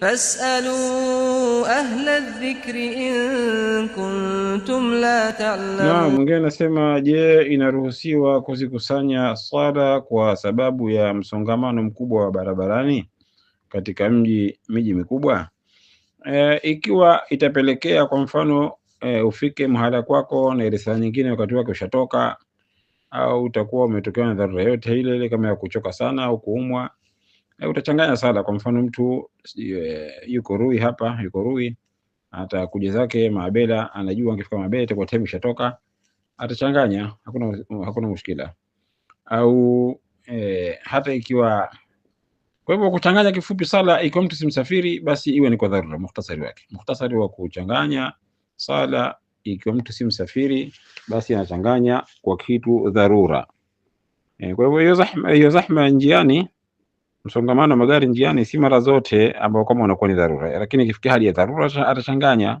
Fasalu ahla الذكر in كنتم لا تعلمون. نعم mwingine anasema je, inaruhusiwa kuzikusanya swala kwa sababu ya msongamano mkubwa wa barabarani katika mji miji mikubwa? E, ikiwa itapelekea kwa mfano e, ufike mahala kwako na ile saa nyingine wakati wake ushatoka, au utakuwa umetokewa na dharura yote ile ile kama ya kuchoka sana au kuumwa Eh, utachanganya sala. Kwa mfano mtu eh, yuko Rui hapa, yuko Rui hata kuja zake Mabela, anajua angefika Mabela itakuwa time ishatoka, atachanganya, hakuna hakuna mushkila. Au e, hata ikiwa kwa hivyo kuchanganya, kifupi sala, ikiwa mtu simsafiri, basi iwe ni kwa dharura. Mukhtasari wake, mukhtasari wa kuchanganya sala, ikiwa mtu si msafiri, basi anachanganya kwa kitu dharura. E, kwa hivyo hiyo zahma, hiyo zahma njiani msongamano wa magari njiani si mara zote ambao kama unakuwa ni dharura, lakini ikifikia hali ya dharura atachanganya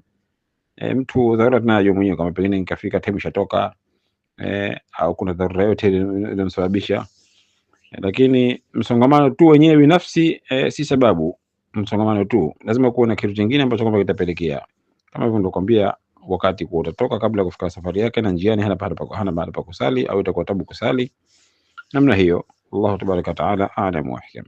e, mtu dharura tunajua mwenyewe kama pengine nikafika time ishatoka e, au kuna dharura yote inamsababisha e, lakini msongamano tu wenyewe binafsi e, si sababu. Msongamano tu lazima kuwe na kitu kingine ambacho kwamba kitapelekea, kama hivyo ndokwambia, wakati kwa utatoka kabla kufika safari yake, na njiani hana pahala pa kusali au itakuwa tabu kusali namna hiyo الله تبارك وتعالى أعلم وأحكم